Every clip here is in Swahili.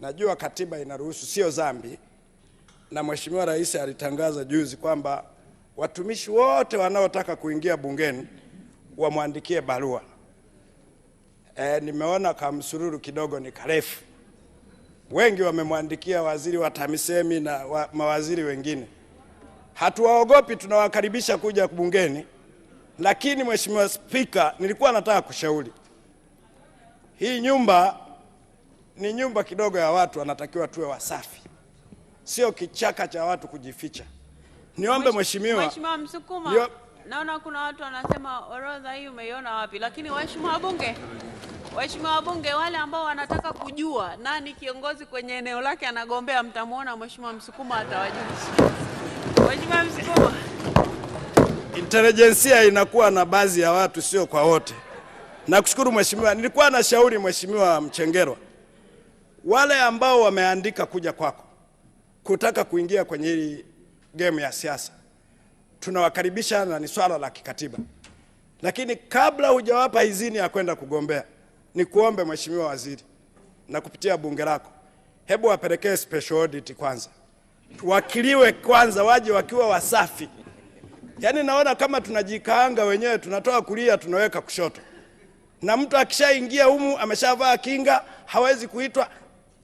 Najua katiba inaruhusu, sio dhambi, na Mheshimiwa Rais alitangaza juzi kwamba watumishi wote wanaotaka kuingia bungeni wamwandikie barua. E, nimeona kamsururu kidogo ni karefu, wengi wamemwandikia waziri wa TAMISEMI na wa, mawaziri wengine. Hatuwaogopi, tunawakaribisha kuja bungeni, lakini Mheshimiwa Spika, nilikuwa nataka kushauri hii nyumba ni nyumba kidogo ya watu, anatakiwa tuwe wasafi, sio kichaka cha watu kujificha. Niombe mheshimiwa, Msukuma, naona kuna watu wanasema orodha hii umeiona wapi? Lakini waheshimiwa wabunge, waheshimiwa wabunge, wale ambao wanataka kujua nani kiongozi kwenye eneo lake anagombea, mtamwona Mheshimiwa Msukuma atawajua. Mheshimiwa Msukuma, intelijensia inakuwa na baadhi ya watu, sio kwa wote. Nakushukuru mheshimiwa, nilikuwa na shauri mheshimiwa Mchengerwa wale ambao wameandika kuja kwako kutaka kuingia kwenye hili game ya siasa tunawakaribisha, na ni swala la kikatiba. Lakini kabla hujawapa idhini ya kwenda kugombea, ni kuombe Mheshimiwa Waziri na kupitia bunge lako, hebu wapelekee special audit kwanza, wakiliwe kwanza, waje wakiwa wasafi. Yaani naona kama tunajikaanga wenyewe, tunatoa kulia tunaweka kushoto, na mtu akishaingia humu ameshavaa kinga, hawezi kuitwa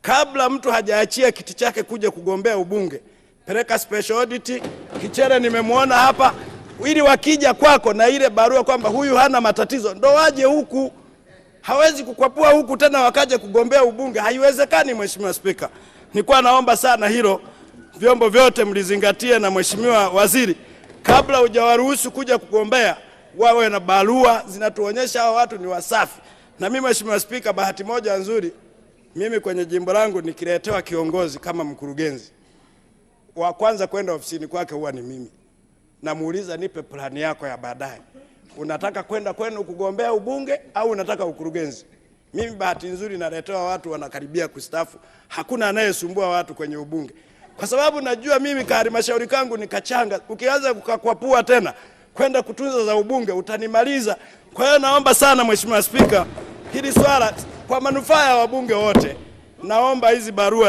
Kabla mtu hajaachia kiti chake kuja kugombea ubunge, peleka special audit. Kichere nimemwona hapa, ili wakija kwako na ile barua kwamba huyu hana matatizo, ndo waje huku. Hawezi kukwapua huku tena wakaje kugombea ubunge, haiwezekani. Mheshimiwa Spika, nilikuwa naomba sana hilo, vyombo vyote mlizingatie, na mheshimiwa waziri, kabla hujawaruhusu kuja kugombea, wawe na barua zinatuonyesha hao watu ni wasafi. Na mimi mheshimiwa Spika, bahati moja nzuri mimi kwenye jimbo langu nikiletewa kiongozi kama mkurugenzi, wa kwanza kwenda ofisini kwake huwa ni mimi. Namuuliza, nipe plani yako ya baadaye, unataka kwenda kwenu kugombea ubunge au unataka ukurugenzi? Mimi bahati nzuri naletewa watu wanakaribia kustafu, hakuna anayesumbua watu kwenye ubunge, kwa sababu najua mimi kahalmashauri kangu ni kachanga. Ukianza kukakwapua tena kwenda kutunza za ubunge utanimaliza. Kwa hiyo naomba sana Mheshimiwa Spika, hili swala kwa manufaa ya wabunge wote, naomba hizi barua